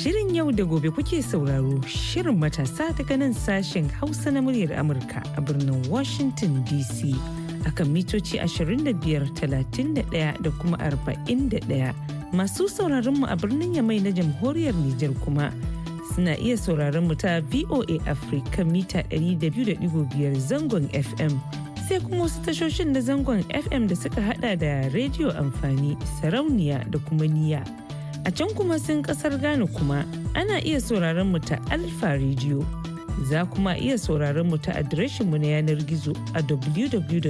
Shirin yau da gobe kuke sauraro Shirin matasa daga nan sashen Hausa na muryar Amurka a birnin Washington DC akan mitoci 25, 31 da kuma 41. Masu sauraronmu a birnin Yamai na jamhuriyar Nijar kuma suna iya sauraron mu ta VOA Africa mita 200.5 zangon FM. sai kuma wasu tashoshin na zangon FM da suka hada da rediyo amfani, sarauniya da kuma niya. A can kuma sun kasar Ghana kuma ana iya sauraron mu ta Alfa Radio. Za kuma iya sauraron mu ta mu na yanar gizo a www.voahausa.com.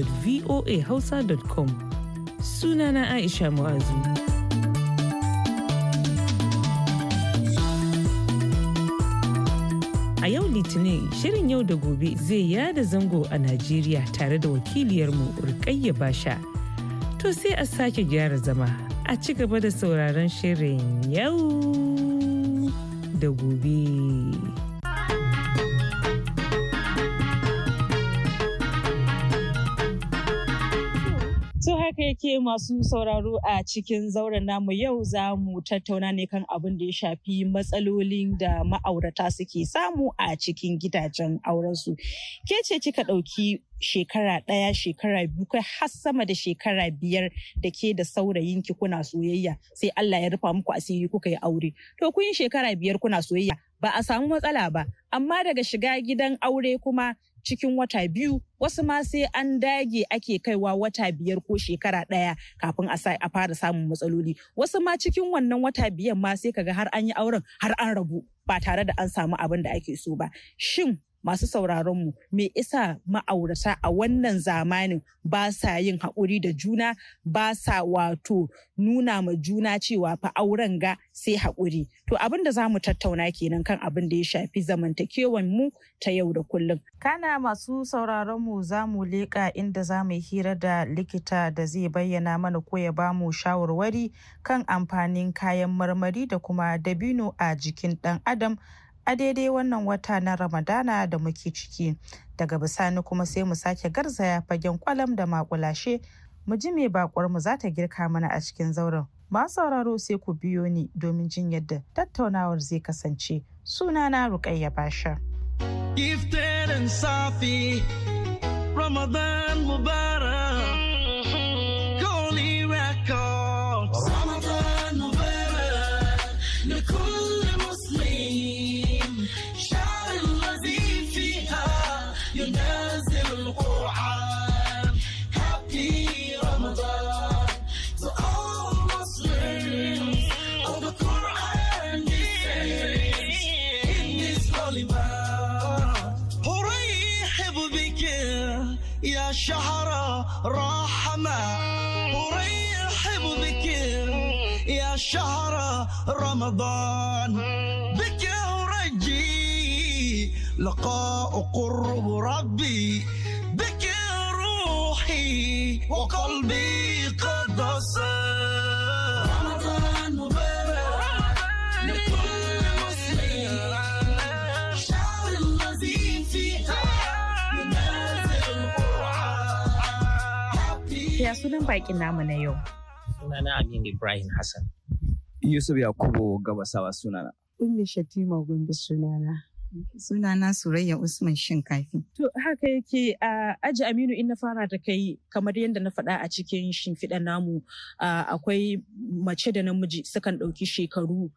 Sunana Aisha Mu'azu. A yau Litinin shirin yau da gobe zai yada zango a Najeriya tare da wakiliyarmu Rukayya Basha. To sai a sake gyara zama a ci gaba da sauraron shirin yau da gobe. To haka yake masu sauraro a cikin zauren namu yau za mu tattauna ne kan abin da ya shafi matsalolin da ma'aurata suke samu a cikin gidajen aurensu. Ke ce kika ɗauki shekara ɗaya shekara biyu kai har sama da shekara biyar da ke da saurayinki kuna soyayya sai Allah ya rufa muku asiri kuka yi aure to kun yi shekara biyar kuna soyayya ba a samu matsala ba amma daga shiga gidan aure kuma cikin wata biyu wasu ma sai an dage ake kaiwa wata biyar ko shekara ɗaya kafin a fara samun matsaloli wasu ma cikin wannan wata biyan ma sai kaga har an yi auren har an rabu ba tare da an samu abin da ake so ba shin masu sauraronmu me isa ma'aurata a wannan zamanin ba sa yin haƙuri da juna ba sa wato nuna ma juna cewa fa auren ga sai haƙuri to abin da za tattauna kenan kan abin da ya shafi zamantakewan mu ta yau da kullum kana masu sauraronmu za mu leƙa inda za mu hira da likita da zai bayyana mana ko ya bamu shawarwari kan amfanin kayan marmari da kuma dabino a jikin ɗan adam a daidai wannan wata na ramadana da muke ciki daga bisani kuma sai mu sake garzaya fagen kwalam da makulashe mu ji mai bakwar mu za ta girka mana a cikin zauren Ba sauraro sai ku biyo ni domin jin yadda tattaunawar zai kasance Suna na rukayya basha Ramadan Mubarak رمضان بك أرجي لقاء قرب ربي بك روحي وقلبي قد رمضان مبارك لكل Ya sunan bakin namu na yau. Sunana Amin Ibrahim Hassan. Yusuf Yakubu Gabasawa sunana. Ummi Shatima Gombe sunana. Sunana Surayya Usman Shinkafi. To haka yake a Aji Aminu in na fara da kai kamar yadda na faɗa a cikin shimfiɗa namu akwai mace da namiji sukan ɗauki shekaru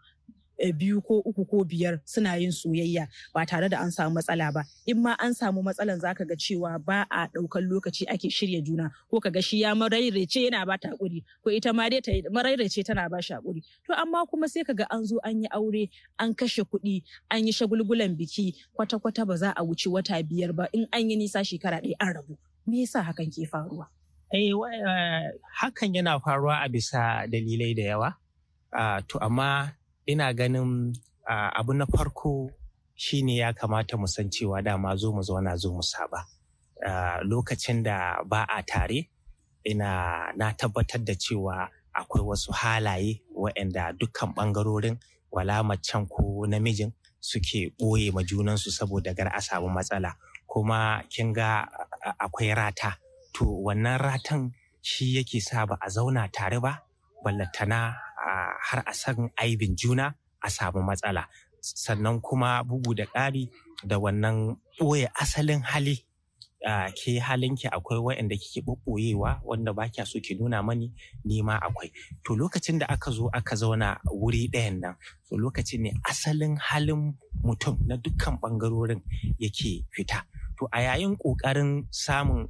Eh, biyu ko uku ko biyar suna yin soyayya ba tare da an samu matsala ba in ma an samu matsalan za ka ga cewa ba a ɗaukan lokaci ake shirya juna ko ka ga shi ya marairace yana ba ta hakuri ko ita ma dai ta marairace tana ba shi hakuri to amma kuma sai ka ga an zo an yi aure an kashe kuɗi an yi shagulgulan biki kwata kwata ba za a wuce wata biyar ba in an yi nisa shekara ɗaya an rabu me yasa hakan ke faruwa eh, eh hakan yana faruwa a bisa dalilai da yawa ah, to amma ina ganin abu na farko shine ya kamata mu san cewa dama zo mu zauna zo mu saba lokacin da ba a tare ina na tabbatar da cewa akwai wasu halaye waɗanda dukkan ɓangarorin walama macen ko namijin suke ɓoye ma junansu saboda gar a samu matsala kuma kin ga akwai rata to wannan ratan shi yake sa ba a zauna tare ba ballatana har a san aibin juna a samu matsala sannan kuma bugu da ƙari da wannan ɓoye asalin hali Uh, ke halinki akwai waɗanda kike ɓoɓɓoyewa wanda ba kya so ki nuna mani ni akwai to lokacin da aka zo aka zauna wuri ɗayan nan to lokacin ne asalin halin mutum na dukkan ɓangarorin yake fita to a yayin ƙoƙarin samun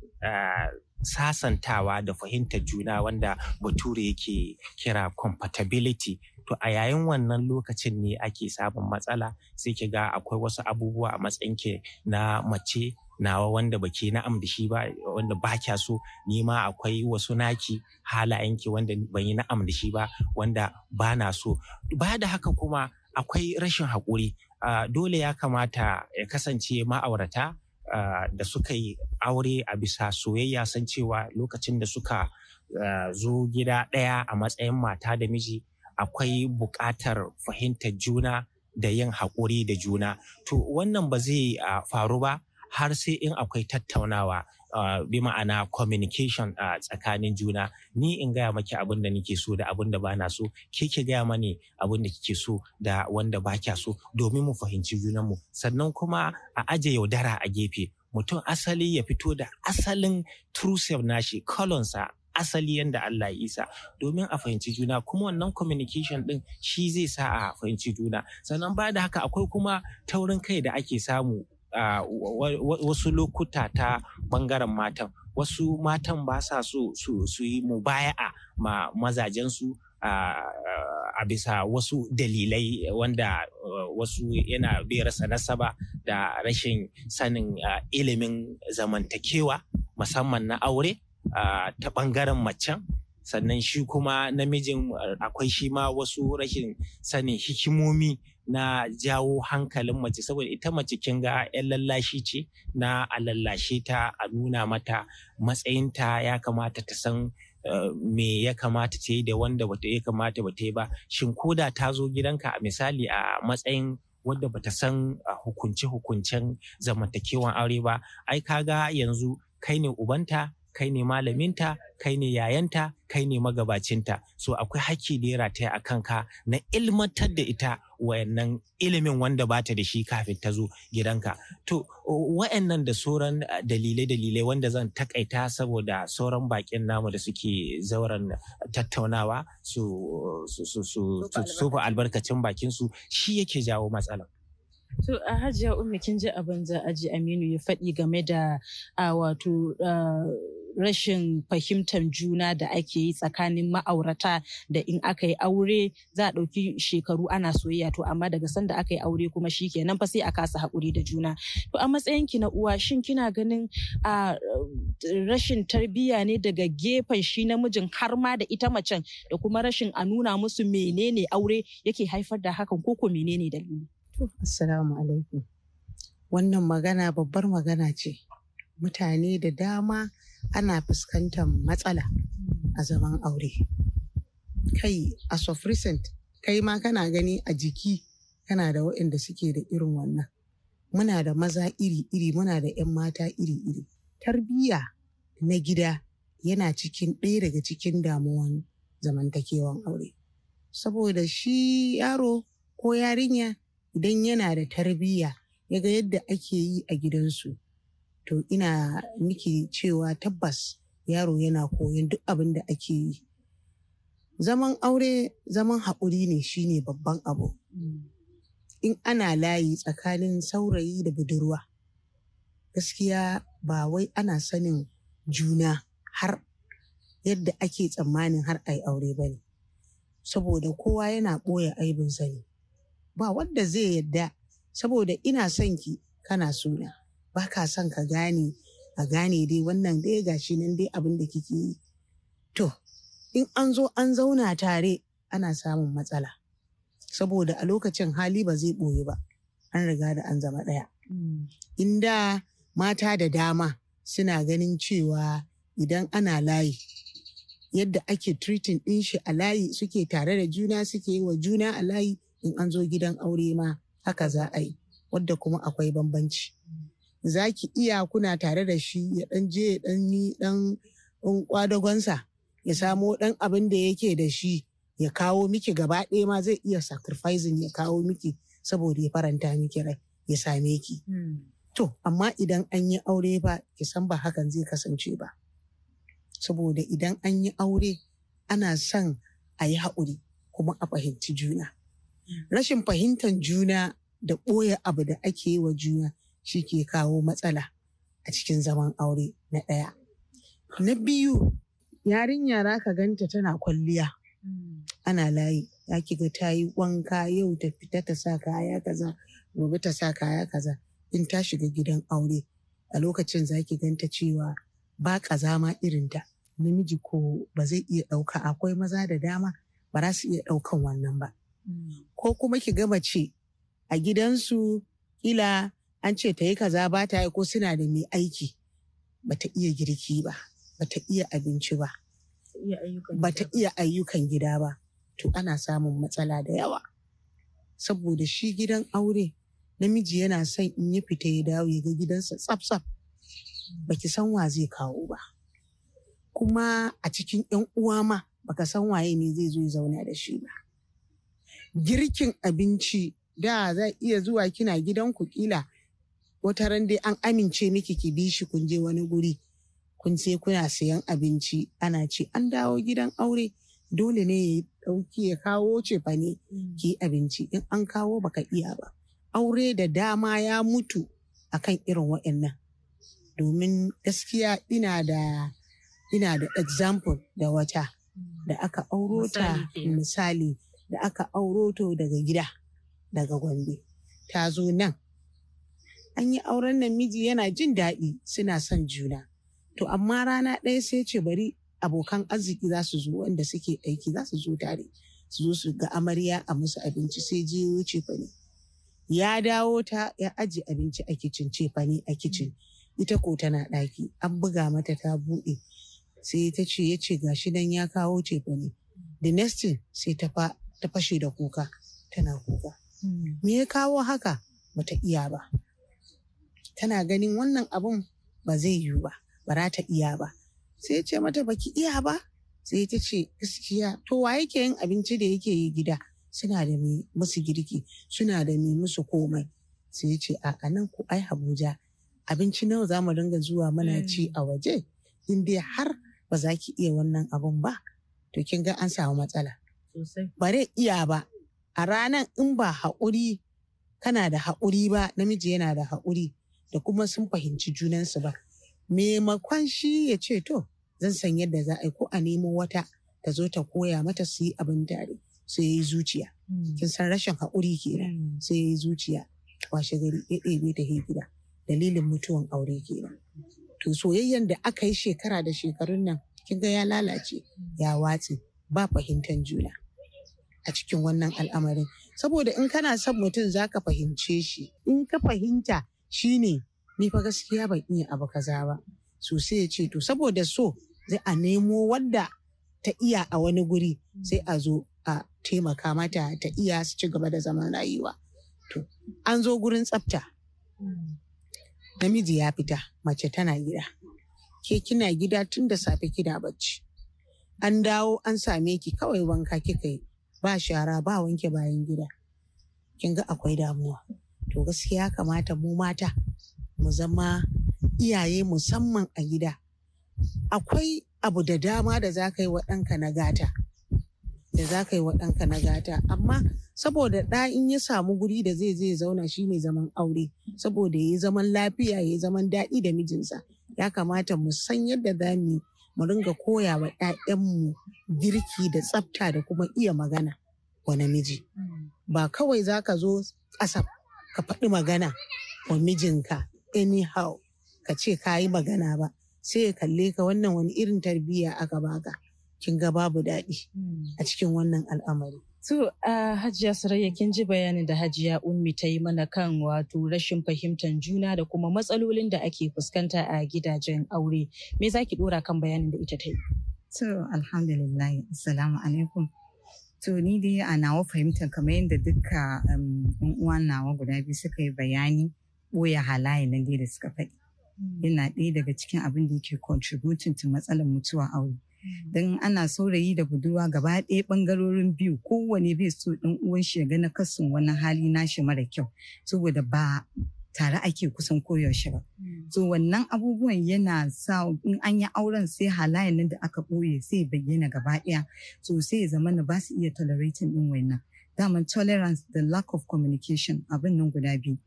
sasantawa da fahimtar juna wanda bature yake kira compatibility to a yayin wannan lokacin ne ake samun matsala sai ki ga akwai wasu abubuwa a matsayin ki na mace nawa wanda baki na da shi ba wanda ba kya so ni ma akwai wasu naki halayenki wanda ban yi na da shi ba wanda ba na so Ba da haka kuma akwai rashin haƙuri dole ya kamata ya kasance ma'aurata da suka yi aure a bisa soyayya san cewa lokacin da suka zo gida ɗaya a matsayin mata da miji akwai buƙatar fahimtar juna da yin haƙuri da juna to wannan ba zai faru ba har sai in akwai tattaunawa Eh, bi ma'ana communication a eh, tsakanin juna ni in gaya maki abin da nake so da abin da ba na so ke ki gaya mani abin da kike so da wanda ba kya so domin mu fahimci mu sannan kuma a aje yaudara a gefe mutum asali ya fito da asalin true self nashi kolonsa asali yanda Allah ya isa domin a fahimci juna kuma wannan communication din shi zai sa a fahimci juna sannan ba da haka akwai kuma taurin kai da ake samu wasu lokuta ta bangaren matan wasu matan ba sa so su yi mu mubaya'a ma mazajensu a bisa wasu dalilai wanda wasu yana bai rasa nasaba da rashin sanin ilimin zamantakewa musamman na aure ta bangaren macen sannan shi kuma namijin akwai shi ma wasu rashin sanin hikimomi na jawo hankalin mace saboda ita mace kin ga 'yan lallashi ce na a lallashe ta a nuna mata matsayinta ya kamata ta san eh, me ya kamata ta yi da wanda bata ya kamata bata yi ba shin ko da ta zo gidanka a misali a matsayin wanda bata san hukunce-hukuncen zamantakewan aure ba ai kaga yanzu kai ne ubanta kai ne malaminta kai ne yayanta kai ne magabacinta so akwai haƙƙi da ya rataya a kanka na ilmantar da ita wayannan ilimin wanda ba ta da shi kafin ta zo gidanka to wayannan da sauran ah, dalilai dalilai wanda zan takaita saboda sauran bakin namu da suke zauren tattaunawa su su su albarkacin bakinsu, shi yake jawo matsalar To a hajiya ummi kin ji abin za a ji Aminu ya faɗi game da wato rashin fahimtar juna da ake yi tsakanin ma'aurata da in aka yi aure za a ɗauki shekaru ana soyayya to amma daga sanda aka yi aure kuma shi ke nan fa sai a kasa haƙuri da juna to a matsayin ki na uwa shin kina ganin a rashin tarbiyya ne daga gefen shi namijin har ma da ita macen da kuma rashin a nuna musu menene aure yake haifar da hakan ko ko menene dalili Assalamu alaikum. Wannan magana babbar magana ce. Mutane da dama ana fuskantar matsala a zaman aure. Kai, a of recent, kai ma kana gani a jiki kana da waɗanda suke da irin wannan. Muna da maza iri-iri, muna da 'yan mata iri-iri. Tarbiyya na gida yana cikin ɗaya daga cikin damuwan zamantakewan aure. Saboda shi yaro ko yarinya idan yana da tarbiyya ya ga yadda ake yi a gidansu to ina miki cewa tabbas yaro yana koyon duk abin da ake yi zaman aure zaman haƙuri ne shine babban abu in ana layi tsakanin saurayi da budurwa gaskiya ba wai ana sanin juna har yadda ake tsammanin har ai aure ba ne saboda kowa yana ɓoye aibinsa ne ba wanda zai yadda saboda ina son ki kana suna ba ka son ka gane a gane dai wannan dai gashi nan dai abin da kike yi to in an zo an zauna tare ana samun matsala saboda a lokacin hali ba zai ɓoye ba an riga da an zama ɗaya hmm. inda mata da dama suna ganin cewa idan ana layi yadda ake treating ɗin shi a layi suke tare da juna suke yi wa juna a layi in an zo gidan aure ma haka za a yi wadda kuma akwai bambanci za ki iya kuna tare da shi ya dan je ya dan ni dan kwadagonsa ya samo ɗan abin da yake da shi ya kawo miki gaba ɗaya ma zai iya sacrificing ya kawo miki saboda ya faranta miki rai ya same ki hmm. to amma idan an yi aure ba ki san ba hakan zai kasance ba saboda idan an yi aure ana son a yi haƙuri kuma a fahimci juna rashin fahimtar juna da ɓoye abu da ake yi wa juna shi ke kawo matsala a cikin zaman aure na ɗaya. Na biyu, yarinya za ka ganta tana kwalliya, ana layi, ya ga ta yi wanka yau ta fita ta sa kaya kaza, gobe ta sa kaya kaza, in ta shiga gidan aure a lokacin za ki ganta cewa ba kaza ma irinta, namiji ko ba zai iya ɗauka akwai maza da dama ba za su iya ɗaukan wannan ba. ko kuma ki ga ce, a gidansu ila an ce ta yi kaza ba ta yi ko suna da mai aiki Ba ta iya girki ba ba ta iya abinci ba ba ta iya ayyukan gida ba to ana samun matsala da yawa saboda shi gidan aure namiji yana son in yi fita ya dawo ya ga gidansa tsaf-tsaf ki san wa zai kawo ba kuma a cikin 'yan uwa ma baka san waye ne zai zo ya zauna da shi ba girkin abinci da za iya zuwa kina gidanku kila wata ran dai an amince miki ki bi shi kun je wani guri kun sai kuna sayan abinci ana ce an dawo gidan aure dole ne ya dauki ya kawo ce ne mm. ki abinci in an kawo baka iya ba aure da dama ya mutu akan irin waɗannan domin gaskiya ina da ina da example da wata mm. da aka auro ta misali da aka auro to daga gida daga Gombe ta zo nan an yi auren nan miji yana jin daɗi suna son juna to amma rana ɗaya sai ce bari abokan arziki za su zo wanda suke aiki za su zo tare su zo su ga amarya a musu abinci sai je wuce fani ya dawo ta ya aji abinci a kicin ce fani a kicin ita ko tana ɗaki an buga mata ta buɗe sai ta ce ya ce gashi nan ya kawo ce fani the next thing sai ta fa ta fashe da kuka tana kuka hmm. me ya kawo haka bata iya ba tana ganin wannan abun ba zai yiwu ba ba ta iya ba sai ce mata baki iya ba sai ta ce gaskiya to wa yake yin abinci da yake yi gida suna da mai musu girki suna da mai musu komai sai ce a nan ku ai Abuja abinci nawa za mu dinga zuwa mana ci hmm. a waje in dai har ba za ki iya wannan abun ba to kin ga an samu matsala Bare iya ba. A ranan in ba haƙuri kana da haƙuri ba namiji yana da haƙuri da kuma sun fahimci junansu ba. Maimakon shi ya ce to zan san yadda za a yi ko a nemo wata ta zo ta koya mata su yi abin tare sai yi zuciya. Hmm. Kin san rashin haƙuri kenan hmm. sai ya yi zuciya. Washe gari ya ɗebe ta gida dalilin mutuwan aure kenan. To soyayyen da aka yi shekara da shekarun nan kin ga ya lalace ya watse ba fahimtar juna. a cikin wannan al'amarin saboda in kana son mutum za ka fahimce shi in ka fahimta shi ni fa gaskiya ban iya abu kaza ba so sai ya ce to saboda so zai a nemo wanda ta iya a wani guri sai a zo a taimaka mata ta iya su ci gaba da zaman rayuwa to an zo gurin tsafta namiji ya fita mace tana gida ke kina gida tun da safe kina bacci an dawo an same ki kawai wanka kika yi ba shara ba wanke bayan gida kin ga akwai damuwa to gaskiya ya kamata mu mata mu zama iyaye musamman a gida akwai abu da dama da za ka yi wa na gata da za ka yi wa na gata amma saboda ɗa in ya samu guri da zai zai zauna shi ne zaman aure saboda ya yi zaman lafiya ya yi zaman daɗi da mijinsa ya kamata mu san yadda za mu mu ringa koya wa 'ya'yanmu girki da tsafta da kuma iya magana wa namiji. Ba kawai za ka zo ƙasa ka faɗi magana wa mijinka anyhow ka ce ka yi magana ba sai ya kalle ka wannan wani irin tarbiyya aka baka kin ga babu daɗi a hmm. cikin wannan al'amari. To Hajiya Sarayya kin ji bayanin da Hajiya Ummi ta yi mana kan wato rashin fahimtar juna da kuma matsalolin da ake fuskanta a gidajen aure. Me za ki ɗora kan bayanin da ita ta yi? To, alhamdulillah, assalamu alaikum. To, ni dai a nawa fahimtar kamar yadda duka um, uwan nawa guda biyu suka yi bayani ɓoye halaye na dai da suka faɗi. Mm. Yana ɗaya daga cikin abin da yake contributing to matsalar mutuwa aure. Mm. Don ana saurayi da buduwa gaba ɗaya ɓangarorin biyu kowane bai so ɗan uwan shi ya ga na kasun wani hali nashi mara kyau. Saboda ba tare ake kusan koyaushe ba. Hmm. So wannan abubuwan yana sa in an yi auren sai halayen nan da aka ɓoye sai bayyana gaba ɗaya. So sai ya zama na ba su iya tolerating ɗin wannan. Daman tolerance da lack of communication abin nan guda biyu.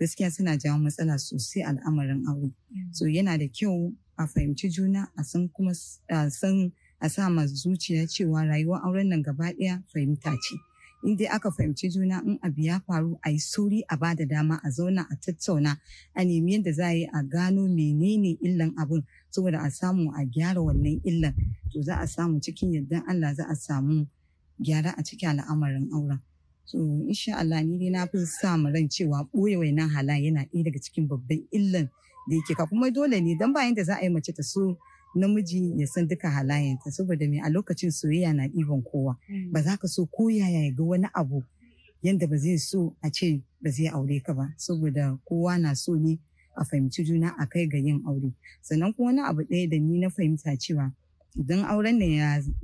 Gaskiya suna jawo matsala sosai al'amarin aure. Hmm. So yana da kyau a fahimci juna a san kuma a san a sa ma zuciya cewa rayuwar auren nan gaba ɗaya fahimta ce. in dai aka fahimci juna in abu ya faru a yi sauri a bada dama a zauna a tattauna a nemi yadda za a yi a gano menene illan abun saboda a samu a gyara wannan illan to za a samu cikin yardan Allah za a samu gyara a cikin al'amarin auren so insha Allah ni dai na fi sa mu ran cewa boye wainan hala yana ɗaya daga cikin babban illan da yake ka kuma dole ne don bayan da za a yi mace ta so namiji ya san duka halayenta saboda me a lokacin soyayya na ɗiban kowa mm. ba za ka so ko yaya ya ga wani abu yadda ba zai so a ce ba zai aure ka ba saboda kowa na so ne a fahimci juna a kai ga yin aure sannan kuma wani abu ɗaya da ni na fahimta cewa idan auren ne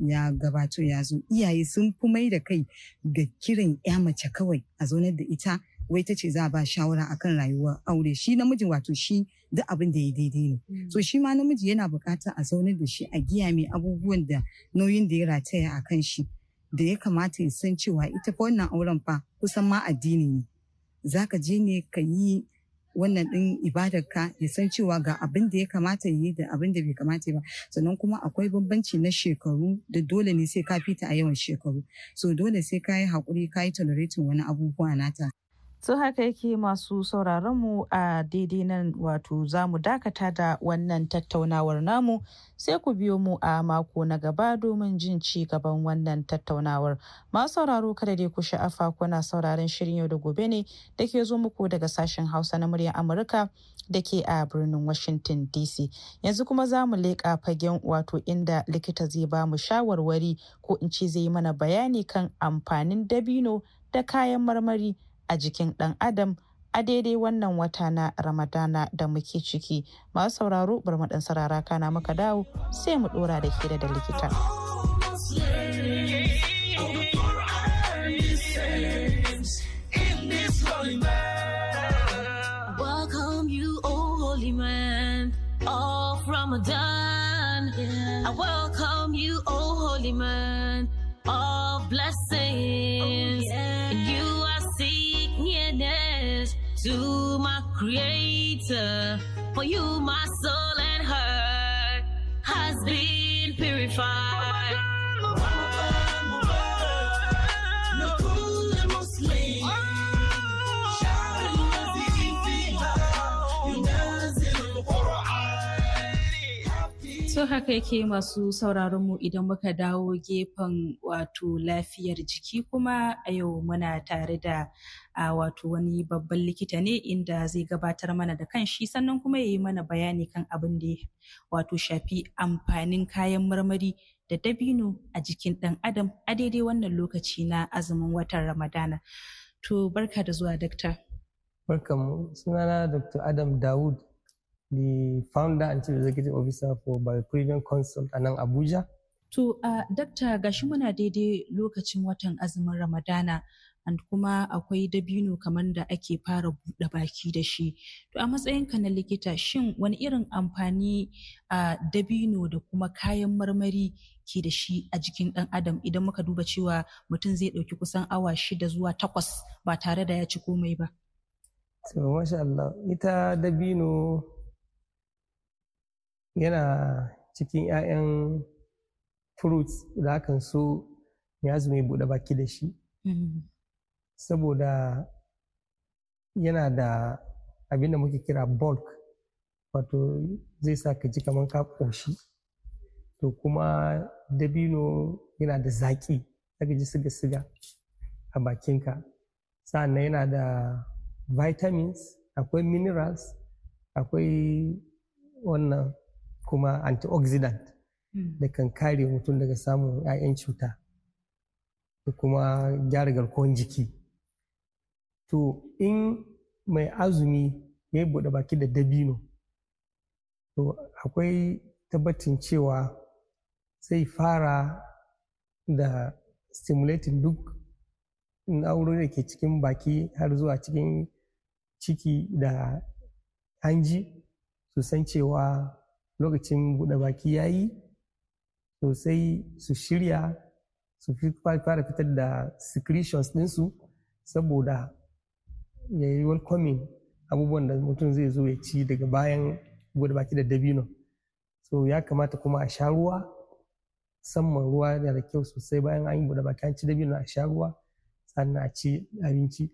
ya gabato ya zo iyaye sun fi mai da kai ga kiran ya mace kawai a zaunar da ita wai ta ce za ba shawara akan rayuwar aure shi namijin wato shi duk abin da ya daidai ne mm. so shi ma namiji yana buƙatar a zaunar da shi a giya mai abubuwan da nauyin da ya rataya a kan shi da ya kamata ya san cewa ita fa wannan auren fa kusan ma addini ne Za ka je ne ka yi wannan din ibadarka ya san cewa ga abin da ya kamata yi da abin da bai kamata ba sannan kuma akwai bambanci na shekaru da dole ne sai ka fita a yawan shekaru so dole sai ka yi haƙuri ka yi tolerating wani abubuwa nata sun haka yake masu sauraron mu a daidai nan wato za mu dakata da wannan tattaunawar namu sai ku biyo mu a mako na gaba domin jin ci gaban wannan tattaunawar masu sauraro kada dai ku sha'afa kuna sauraron shirin yau da gobe ne da ke zo muku daga sashen hausa na muryar amurka da ke a birnin washington dc yanzu kuma za mu leƙa fagen wato inda likita zai ba mu shawarwari ko in ce zai mana bayani kan amfanin dabino da kayan marmari a jikin ɗan adam a daidai wannan wata na ramadana da muke ciki masu sauraro bar mu ɗan sarara kana muka dawo sai mu ɗora da ke da likita. Oh, yeah. to my creator, for you my soul and heart has been purified. So haka yake masu sauraron mu idan muka dawo gefen wato lafiyar jiki kuma a yau muna tare da a wato wani babban likita ne inda zai gabatar mana da kan shi sannan kuma ya yi mana bayani kan abin da ya wato shafi amfanin kayan marmari da dabino a jikin ɗan adam a daidai wannan lokaci na azumin watan ramadana to barka da zuwa dakta suna sunana dr adam dawud the founder and chief executive officer for biopurian consult a nan abuja To, uh, dakta gashi muna daidai lokacin watan azumin Ramadana and kuma akwai dabino kamar da ake fara buɗe baki da shi to a matsayinka na likita shin wani irin amfani a dabino da kuma kayan marmari ke da shi a jikin ɗan adam idan muka duba cewa mutum zai ɗauki kusan awa shida zuwa takwas ba tare da ya ci komai ba so ita dabino yana cikin 'ya'yan fruits da akan so ya zume buɗe baki da shi mm-hmm. saboda yana da abinda muke kira bulk wato zai sa ka ji kamar ka ƙoshi to kuma dabino yana da zaƙi ka ji siga-siga a bakinka sa'annan yana da vitamins akwai minerals akwai wannan kuma antioxidant hmm. da kan kare mutum daga samun 'ya'yan cuta da kuma gyara garkuwar jiki to in mai azumi ya yi buɗe baki da dabino to akwai tabbacin cewa sai fara da stimulating duk na'urori da ke cikin baki har zuwa cikin ciki da hanji su san cewa lokacin buɗe baki ya yi sosai su shirya su fara fitar da secretions ɗinsu saboda ya yi kwami abubuwan da mutum zai zo ya ci daga bayan bude baki da dabino so ya kamata kuma a sha ruwa musamman ruwa da da kyau sosai bayan an yi bude baki an ci dabino a sha ruwa sannan a ci abinci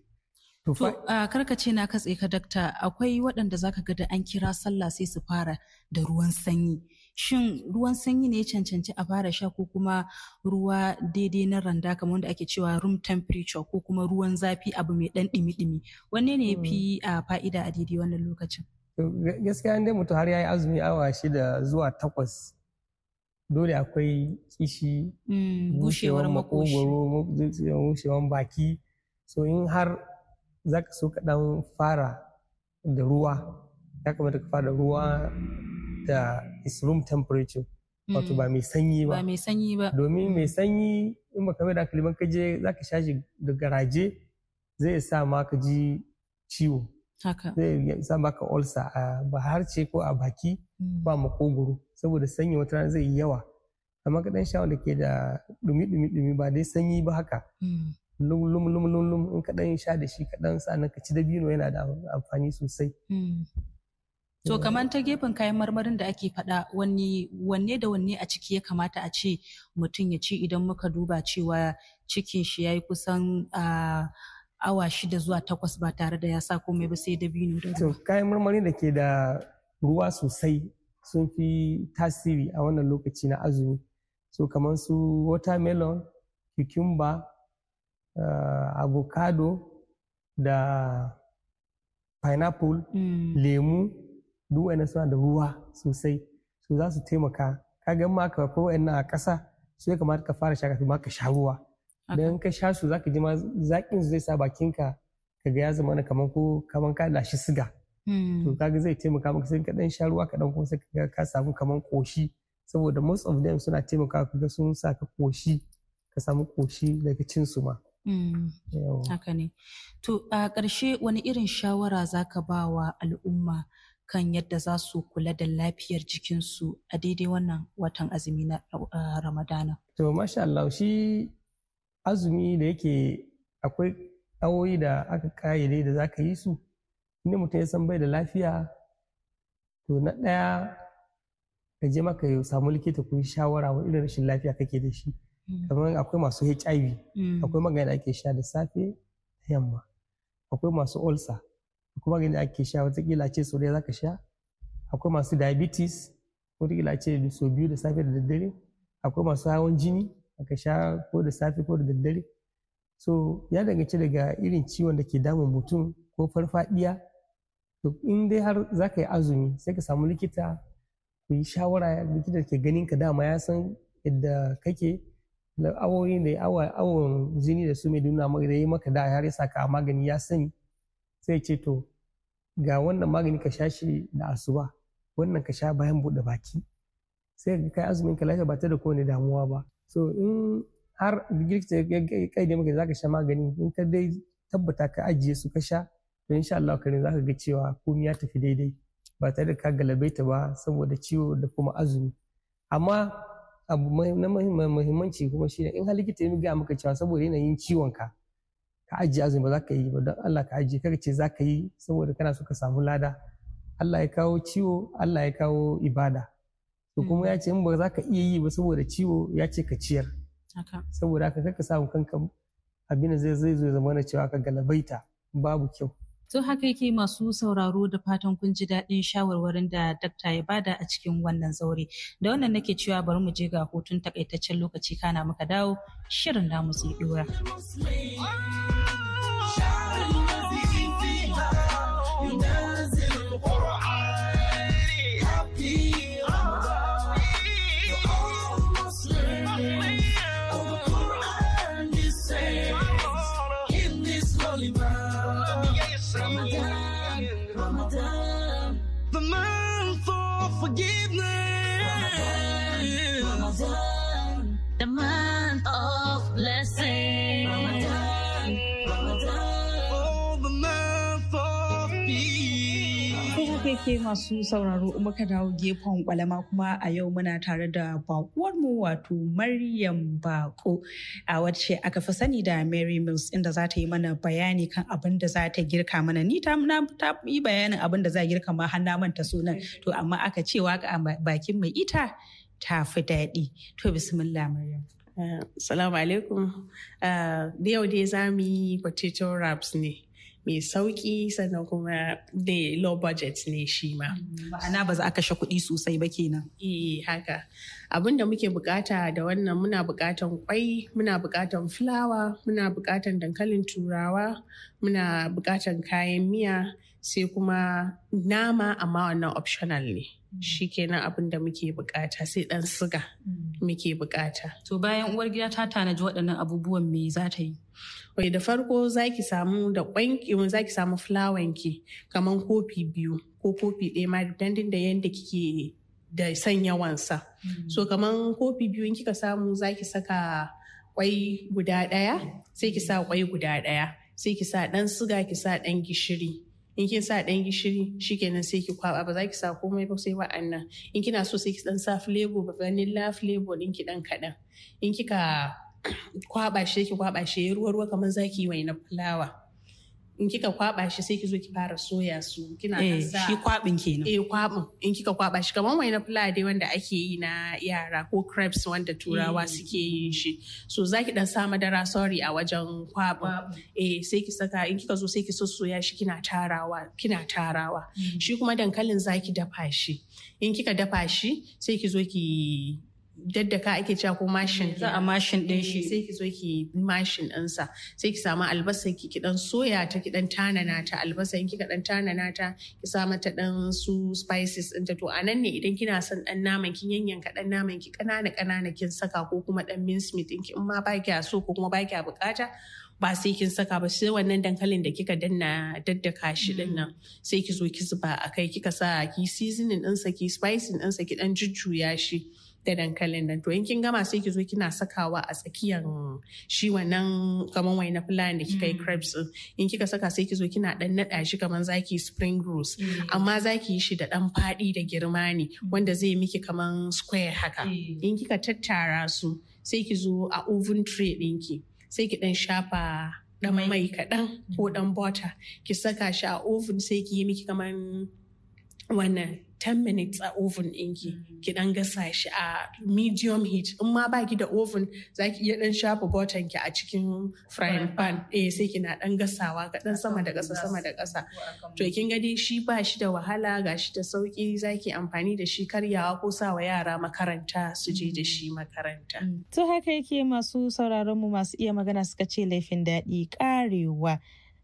to a karkace na katse ka dakta akwai waɗanda zaka ga da an kira sallah sai su fara da ruwan sanyi shin ruwan sanyi ne cancanci a fara sha ko kuma ruwa daidai na randa kamar wanda ake cewa room temperature ko kuma ruwan zafi abu mai dan dimi-dimi wanne ne fi hmm. a fa'ida a daidai wannan lokacin gaskiya dai mutum har yayi azumi awa shida zuwa takwas dole akwai kishi hmm, bushewar makogoro bushewar baki so in har zaka so ka dan fara da ruwa ya kamata ka fara da ruwa da is room temperature wato ba mm. mai sanyi ba mai sanyi ba domin mai mm. sanyi in ba kamar da kaliman ka je zaka sha shi da garaje zai sa ma ka ji ciwo zai sa ka olsa a baharce ko a baki mm. ba makogoro saboda sanyi wata rana zai yi yawa amma ka dan sha wanda ke da dumi dumi dumi ba dai sanyi ba haka lum lum lum lum in ka sha da shi ka dan sa ka ci dabino yana da amfani sosai To kamar ta gefen kayan marmarin da ake faɗa wanne wanne da wanne a ciki ya kamata a ce mutum ya ci idan muka duba cewa cikin shi ya yi kusan awa shida zuwa takwas ba tare da ya sa komai ba sai dabino da To kayan marmarin da ke da ruwa sosai sun fi tasiri a wannan lokaci na azumi. So kamar su watermelon, cucumber, uh, avocado da pineapple, mm. lemu. duk wa'annan suna da ruwa sosai su za su taimaka ka ga ma ka ko wa'annan a ƙasa sai kamata ka fara sha kafin ma ka sha ruwa don ka sha su zaka ji ma zakin zai sa bakin ka ga ya zama na kamar ko kamar ka lashe siga hmm. to kaga zai taimaka maka sai ka dan sha ruwa ka kuma sai ka ka samu kamar koshi saboda most of them suna taimaka ka ga sun sa ka koshi ka samu koshi daga cin su ma hmm. haka ne to a ƙarshe wani irin shawara zaka ba wa al'umma kan yadda za su kula da lafiyar jikinsu a daidai wannan watan azumi na ramadana. To masha Allah shi azumi da yake akwai awoyi da aka kayyade da za ka yi su ne mutum ya san bai da lafiya to na ɗaya ka je maka ya samu likita ku shawara wani irin rashin lafiya kake da shi mm. kamar akwai masu HIV mm. akwai magana da ake sha da safe da yamma akwai masu ulcer akwai magani da ake sha watakila ce sau ɗaya zaka sha akwai masu diabetes watakila ce sau biyu da safe da daddare akwai masu hawan jini aka sha ko da safe ko da daddare so ya danganci daga irin ciwon da ke damun mutum ko farfadiya to in dai har zaka yi azumi sai ka samu likita ku yi shawara likita ke ganin ka dama ya san yadda kake awoyin da awon jini da su mai nuna mai da yi maka da har ya saka magani ya sani sai ce to ga wannan magani ka sha shi da asuba wannan ka sha bayan buɗe baki sai ka kai azumin ka lafiya ba ta da kowane damuwa ba so in har likita ya kaide maka zaka sha magani in ka dai tabbata ka ajiye su ka sha to insha Allah za zaka ga cewa komai ya tafi daidai ba tare da ka galabaita ba saboda ciwo da kuma azumi amma abu na muhimmanci kuma shine in har likita ya gaya maka cewa saboda yanayin ciwon ka ka ajiye azumi ba za ka yi ba don Allah ka ajiye kar ce za ka yi saboda kana so ka samu lada Allah ya kawo ciwo Allah ya kawo ibada to kuma ya ce in ba za ka iya yi ba saboda ciwo ya ce ka ciyar saboda haka kar ka samu kanka abin zai zai zo zama na cewa ka galabaita babu kyau To haka yake masu sauraro da fatan kun ji daɗin shawarwarin da dakta ya bada a cikin wannan zaure. Da wannan nake cewa bari mu je ga hutun takaitaccen lokaci kana muka dawo shirin namu mu dora. You forgiveness. Ramadan, Ramadan, the month of blessing. ke masu sauraro muka dawo gefen kwalama kuma a yau muna tare da mu wato Maryam Bako a wacce aka fi sani da Mary Mills inda za ta yi mana bayani kan abin da za ta girka mana ni ta yi bayanin abin da za girka ma har na manta sunan to amma aka ce waka a bakin mai ita ta fi daɗi to bismillah Maryam. Eh, salamu alaikum. Eh, da yau dai za mu yi potato wraps ne. mai sauki sannan kuma da low budget ne shi ma. Ma'ana ba za a kashe kuɗi sosai ba kenan. Eh haka. Abin da muke bukata da wannan muna bukatan kwai, muna bukatan fulawa, muna bukatan dankalin turawa, muna bukatan kayan miya, sai kuma nama amma wannan optional ne. shi kenan abin da muke bukata sai dan siga mm. muke bukata. To bayan uwar gida ta tanaji waɗannan abubuwan me za ta yi? Wai da farko za ki samu da ƙwanki za ki samu fulawanki kamar kofi biyu ko kofi ɗaya ma dandin da yadda kike da son yawansa. Mm. So kamar kofi biyu in kika samu za ki saka ƙwai guda ɗaya sai ki sa ƙwai guda ɗaya sai ki sa ɗan siga ki sa ɗan gishiri. in kin sa ɗan gishiri shi shikenan sai ki kwaba ba za ki sa komai ba sai wa'annan in kina so sai ki dan sa flavor vanilla flavor din ki dan kaɗan in kika kwaba shi ki kwaba shi ruwa ruwa kamar zaki yi waina fulawa in kika kwaba shi sai ki zo ki fara soya su kina eh, sa shi kwabin kenan eh kwabin in kika kwaba shi kamar wai na fula dai wanda ake yi na yara ko crepes wanda turawa mm. suke yin shi so zaki dan sa madara sorry a wajen kwabin eh sai ki saka in kika zo sai ki sossoya shi kina tarawa kina tarawa mm. shi kuma dankalin zaki dafa shi in kika dafa shi sai ki zo ki daddaka ake cewa ko mashin za a mashin din shi eh, sai ki zo ki mashin ɗinsa sai ki samu albasar ki ki dan soya ta ki dan tanana ta albasan ki ka dan tanana ta ki sa mata dan su spices ɗinta to anan ne idan kina son dan naman kin yanyanka dan naman ki kanana kanana kin saka ko kuma dan mince meat ɗin ki in ma ba kya so ko kuma ba kya bukata ba sai kin saka ba sai wannan dankalin da kika danna daddaka shi din nan mm. sai ki zo ki zuba a kika sa ki seasoning ɗinsa ki spicing ɗinsa ki dan jujjuya shi da dankalin nan to in kin gama sai ki zo kina sakawa a tsakiyan shi wannan kaman wai na fulani da kika yi mm. crepes in kika saka sai ki zo kina dan nada shi kaman zaki spring rolls eh. amma zaki yi shi da dan fadi da girma ne mm. wanda zai miki kaman square haka eh. in kika tattara su sai ki zo a oven tray ɗinki sai ki dan shafa dan mai kaɗan ko dan mm. butter ki saka shi a oven sai ki yi miki kaman wannan 10 minutes a oven inki mm. ki dan gasa shi a medium heat in ma baki da oven za ki iya dan shafa button ki a cikin frying pan eh sai kina dan gasawa kaɗan dan sama da kasa sama da ƙasa to kin ga dai shi ba shi da wahala ga shi da sauki za ki amfani da shi karyawa ko sawa yara makaranta su je da mm. shi makaranta mm. to haka yake masu sauraron mu masu iya magana suka ce laifin daɗi karewa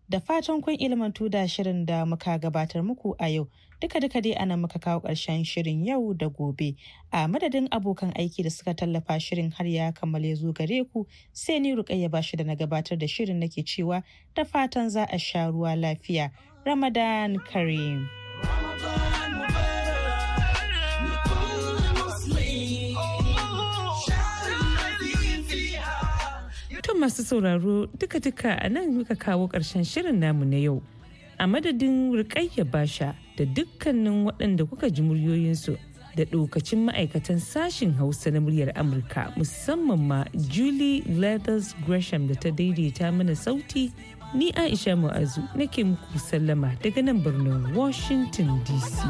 da fatan kun ilmantu da shirin da muka gabatar muku a yau duka duka dai anan muka kawo ƙarshen shirin yau da gobe a madadin abokan aiki da suka tallafa shirin har ya kammale zo gare ku sai ni rukayya bashi da na gabatar da shirin nake cewa da fatan za a sha ruwa lafiya ramadan karim masu sauraro duka-duka a nan muka kawo ƙarshen shirin namu na yau a madadin rikayya basha da dukkanin waɗanda kuka ji muryoyinsu da ɗokacin ma'aikatan sashen hausa na muryar amurka musamman ma julie leathers gresham da ta daidaita mana sauti ni aisha mu'azu nake muku sallama daga nan birnin washington dc